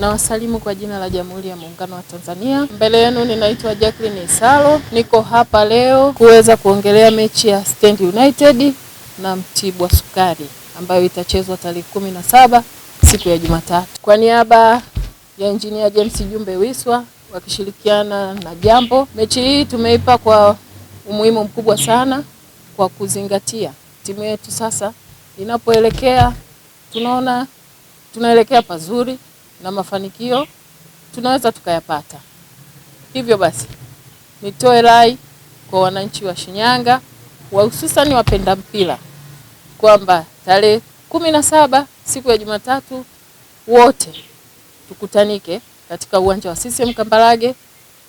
Nawasalimu kwa jina la Jamhuri ya Muungano wa Tanzania. Mbele yenu ninaitwa Jacqueline Isalo, niko hapa leo kuweza kuongelea mechi ya Stand United na Mtibwa Sukari ambayo itachezwa tarehe kumi na saba siku ya Jumatatu. Kwa niaba ya Engineer James Jumbe Wiswa wakishirikiana na Jambo, mechi hii tumeipa kwa umuhimu mkubwa sana kwa kuzingatia timu yetu sasa inapoelekea, tunaona tunaelekea pazuri na mafanikio tunaweza tukayapata. Hivyo basi, nitoe rai kwa wananchi wa Shinyanga wa hususani wapenda mpira kwamba tarehe kumi na saba siku ya Jumatatu wote tukutanike katika uwanja wa CCM Kambarage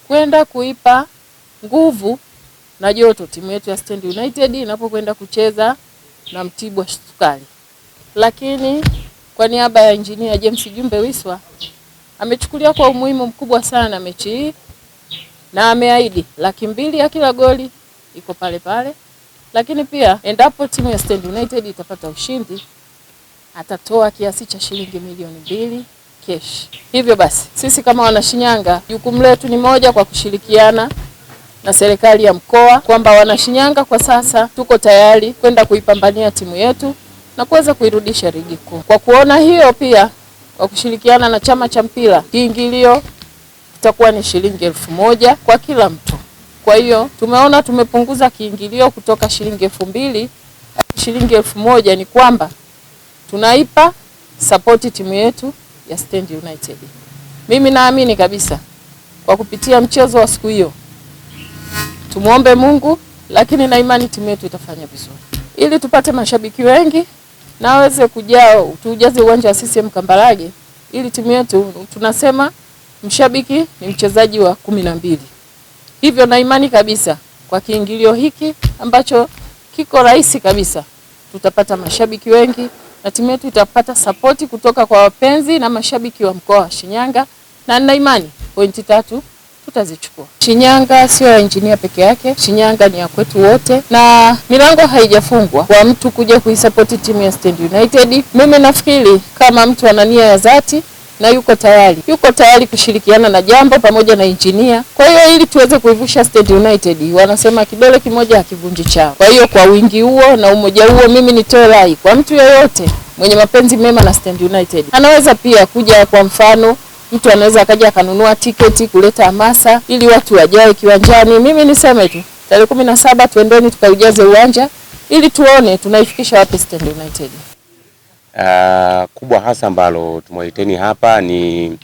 kwenda kuipa nguvu na joto timu yetu ya Stand United inapokwenda kucheza na Mtibwa Sukari, lakini kwa niaba ya Injinia James Jumbe Wiswa amechukulia kwa umuhimu mkubwa sana mechi hii na ameahidi laki mbili ya kila goli iko pale pale, lakini pia endapo timu ya Stand United itapata ushindi atatoa kiasi cha shilingi milioni mbili cash. Hivyo basi sisi kama Wanashinyanga jukumu letu ni moja, kwa kushirikiana na serikali ya mkoa kwamba Wanashinyanga kwa sasa tuko tayari kwenda kuipambania timu yetu na kuweza kuirudisha ligi kuu. Kwa kuona hiyo, pia kwa kushirikiana na chama cha mpira, kiingilio kitakuwa ni shilingi elfu moja kwa kila mtu. Kwa hiyo tumeona tumepunguza kiingilio kutoka shilingi elfu mbili shilingi elfu moja ni kwamba tunaipa sapoti timu yetu ya Stand United. Mimi naamini kabisa kwa kupitia mchezo wa siku hiyo, tumwombe Mungu, lakini na imani timu yetu itafanya vizuri ili tupate mashabiki wengi na aweze kuja tuujaze uwanja wa CCM Kambarage ili timu yetu, tunasema mshabiki ni mchezaji wa kumi na mbili. Hivyo na imani kabisa kwa kiingilio hiki ambacho kiko rahisi kabisa, tutapata mashabiki wengi na timu yetu itapata sapoti kutoka kwa wapenzi na mashabiki wa mkoa wa Shinyanga, na nina imani pointi tatu tutazichukua. Shinyanga sio ya injinia peke yake, Shinyanga ni ya kwetu wote, na milango haijafungwa kwa mtu kuja kuisapoti timu ya Stand United. Mimi nafikiri kama mtu ana nia ya dhati na yuko tayari yuko tayari kushirikiana na jambo pamoja na injinia. Kwa hiyo ili tuweze kuivusha Stand United, wanasema kidole kimoja hakivunji chao. Kwa hiyo kwa wingi huo na umoja huo, mimi nitoe rai kwa mtu yeyote mwenye mapenzi mema na Stand United, anaweza pia kuja kwa mfano mtu anaweza akaja akanunua tiketi kuleta hamasa ili watu wajae kiwanjani. Mimi niseme tu tarehe kumi na saba tuendeni tukaujaze uwanja ili tuone tunaifikisha wapi Stand United. Uh, kubwa hasa ambalo tumewaiteni hapa ni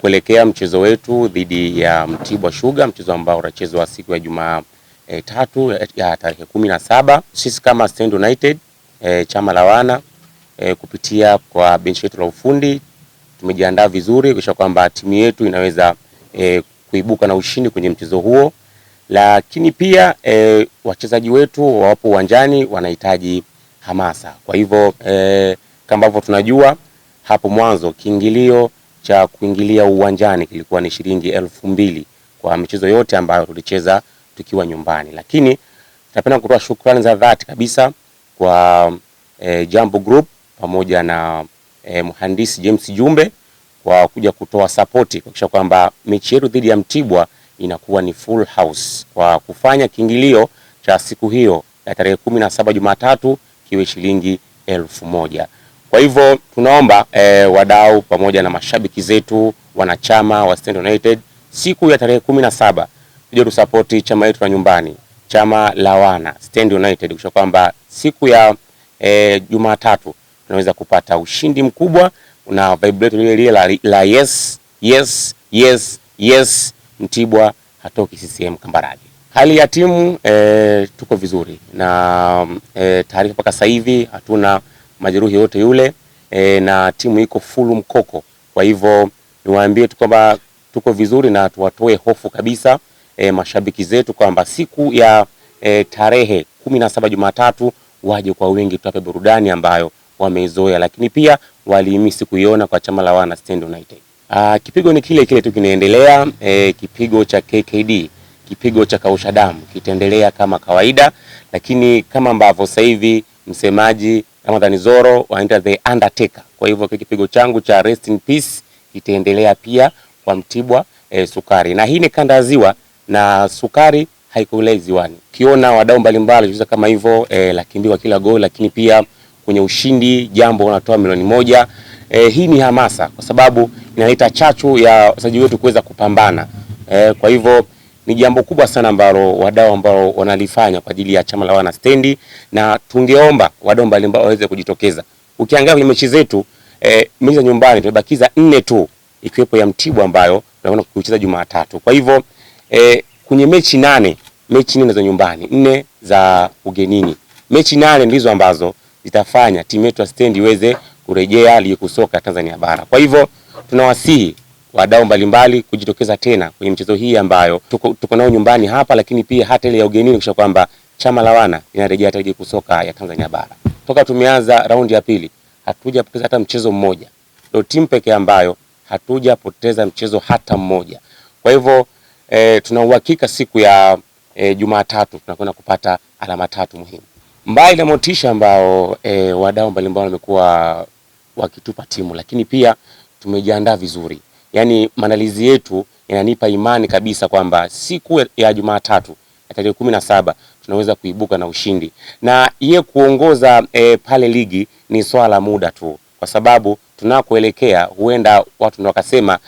kuelekea mchezo wetu dhidi ya Mtibwa Sugar, mchezo ambao utachezwa siku ya Jumaa e, tatu eh, ya tarehe kumi na saba. Sisi kama Stand United e, chama la wana e, kupitia kwa benchi letu la ufundi tumejiandaa vizuri kisha kwamba timu yetu inaweza e, kuibuka na ushindi kwenye mchezo huo, lakini pia e, wachezaji wetu wapo uwanjani wanahitaji hamasa. Kwa hivyo e, kama ambavyo tunajua hapo mwanzo kiingilio cha kuingilia uwanjani kilikuwa ni shilingi elfu mbili kwa michezo yote ambayo tulicheza tukiwa nyumbani, lakini tunapenda kutoa shukrani za dhati kabisa kwa e, Jambo Group pamoja na eh, mhandisi James Jumbe kwa kuja kutoa sapoti kuhakikisha kwamba mechi yetu dhidi ya Mtibwa inakuwa ni full house kwa kufanya kiingilio cha siku hiyo ya tarehe kumi na saba Jumatatu kiwe shilingi elfu moja. Kwa hivyo tunaomba eh, wadau pamoja na mashabiki zetu wanachama wa Stand United siku ya tarehe kumi na saba tuje tusapoti chama yetu na nyumbani, chama la wana Stand United, kwa kwamba siku ya eh, Jumatatu unaweza kupata ushindi mkubwa na vibrato lile lile la, la yes, yes, yes, yes. Mtibwa hatoki CCM Kambarage. Hali ya timu e, tuko vizuri na e, taarifa mpaka sasa hivi hatuna majeruhi yote yule e, na timu iko fulu mkoko. Kwa hivyo niwaambie tu kwamba tuko vizuri na tuwatoe hofu kabisa e, mashabiki zetu kwamba siku ya e, tarehe kumi na saba Jumatatu waje kwa wingi, tutape burudani ambayo wameizoea, lakini pia walihimisi kuiona kwa chama la wana Stand United. Aa, ah, kipigo ni kile kile tu kinaendelea, e, kipigo cha KKD, kipigo cha kausha damu kitaendelea kama kawaida, lakini kama ambavyo sasa hivi msemaji Ramadan Zoro wanaita the undertaker. Kwa hivyo kipigo changu cha rest in peace kitaendelea pia kwa Mtibwa e, Sukari, na hii ni kanda ya Ziwa na sukari haikulei ziwani. Ukiona wadau mbalimbali kama hivyo e, eh, lakimbiwa kila goal lakini pia kwenye ushindi jambo unatoa milioni moja. E, hii ni hamasa kwa sababu inaleta chachu ya wachezaji wetu kuweza kupambana. E, kwa hivyo ni jambo kubwa sana ambalo wadau ambao wanalifanya kwa ajili ya chama la wana stendi, na tungeomba wadau mbalimbali waweze kujitokeza. Ukiangalia kwenye mechi zetu e, mechi za nyumbani tumebakiza nne tu ikiwepo ya Mtibwa ambayo tunakwenda kucheza Jumatatu. Kwa hivyo e, kwenye mechi nane mechi nne za nyumbani, nne za ugenini, mechi nane ndizo ambazo zitafanya timu yetu ya stendi iweze kurejea ligi kuu soka Tanzania bara. Kwa hivyo tunawasihi wadau mbalimbali kujitokeza tena kwenye michezo hii ambayo tuko, tuko nao nyumbani hapa, lakini pia hata ile ya ugenini kisha kwamba chama la wana linarejea ligi kuu soka ya Tanzania bara. Toka tumeanza raundi ya pili hatujapoteza hata mchezo mmoja, ndio timu pekee ambayo hatujapoteza mchezo hata mmoja. Kwa hivyo e, tuna uhakika siku ya e, Jumatatu tunakwenda kupata alama tatu muhimu mbali na motisha ambao e, wadau mbalimbali wamekuwa wakitupa timu, lakini pia tumejiandaa vizuri. Yaani maandalizi yetu yananipa imani kabisa kwamba siku ya Jumatatu ya tarehe kumi na saba tunaweza kuibuka na ushindi, na ye kuongoza e, pale ligi ni swala la muda tu, kwa sababu tunakoelekea huenda watu ndio wakasema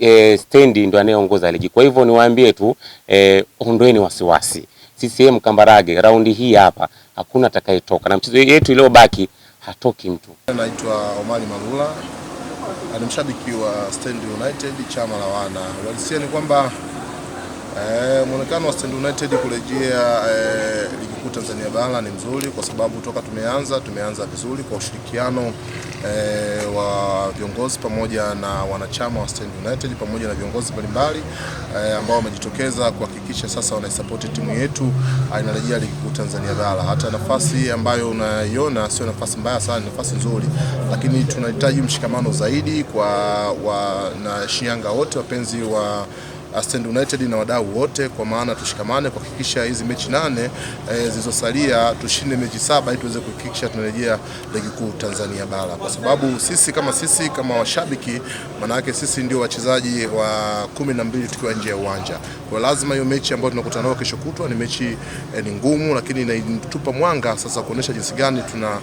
e, stendi ndio anayeongoza ligi. Kwa hivyo niwaambie tu e, ondoeni wasiwasi CCM Kambarage raundi hii hapa hakuna atakayetoka, na mchezo yetu iliyobaki hatoki mtu. Naitwa Omari Malula, ni mshabiki wa Stand United, chama la wana. Uhalisia ni kwamba eh, mwonekano wa Stand United kurejea ligi eh, ligi kuu Tanzania bara ni mzuri, kwa sababu toka tumeanza tumeanza vizuri kwa ushirikiano eh, wa viongozi pamoja na wanachama wa Stand United pamoja na viongozi mbalimbali e, ambao wamejitokeza kuhakikisha sasa wanaisapoti timu yetu ah, inarejea ligi kuu Tanzania bara. Hata nafasi ambayo unaiona sio nafasi mbaya sana, nafasi nzuri, lakini tunahitaji mshikamano zaidi kwa na Shinyanga wote wapenzi wa Stand United na wadau wote, kwa maana tushikamane kuhakikisha hizi mechi nane e, zilizosalia tushinde mechi saba ili tuweze kuhakikisha tunarejea ligi kuu Tanzania bara, kwa sababu sisi kama sisi kama washabiki, manake sisi ndio wachezaji wa kumi na mbili tukiwa nje ya uwanja. Kwa lazima hiyo mechi ambayo tunakutana nayo kesho kutwa ni mechi e, ni ngumu, lakini inatupa mwanga sasa kuonesha jinsi gani tuna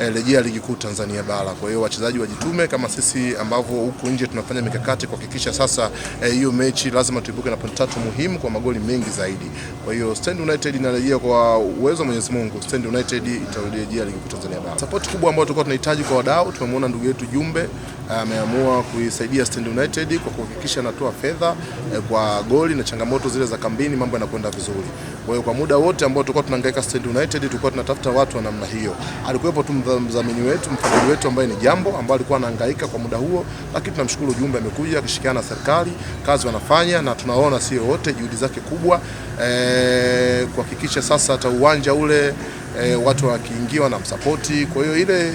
Eh, rejea ligi kuu Tanzania bara. Kwa hiyo wachezaji wajitume kama sisi ambavyo huku nje tunafanya mikakati kuhakikisha sasa eh, hiyo e, mechi lazima tuibuke na pointi tatu muhimu kwa magoli mengi zaidi. Kwa hiyo Stand United inarejea kwa uwezo wa Mwenyezi Mungu, Stand United itarejea ligi kuu Tanzania bara. Support kubwa ambayo tulikuwa tunahitaji kwa wadau, tumemwona ndugu yetu Jumbe ameamua kuisaidia Stand United kwa kuhakikisha anatoa fedha eh, kwa goli na changamoto zile za kambini, mambo yanakwenda vizuri. Kwa hiyo kwa muda wote ambao tulikuwa tunahangaika Stand United, tulikuwa tunatafuta watu wa namna hiyo. Alikuwepo tu mdhamini wetu, mfadhili wetu ambaye ni Jambo, ambaye alikuwa anahangaika kwa muda huo, lakini tunamshukuru Jumbe amekuja akishirikiana na serikali, kazi wanafanya na tunaona sio wote juhudi zake kubwa e, kuhakikisha sasa hata uwanja ule e, watu wakiingiwa na msapoti. Kwa hiyo ile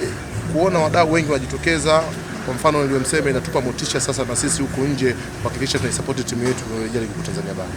kuona wadau wengi wanajitokeza kwa mfano niliyomsema, inatupa motisha sasa na sisi huku nje kuhakikisha tunaisapoti timu yetu ya ligi kuu Tanzania bara.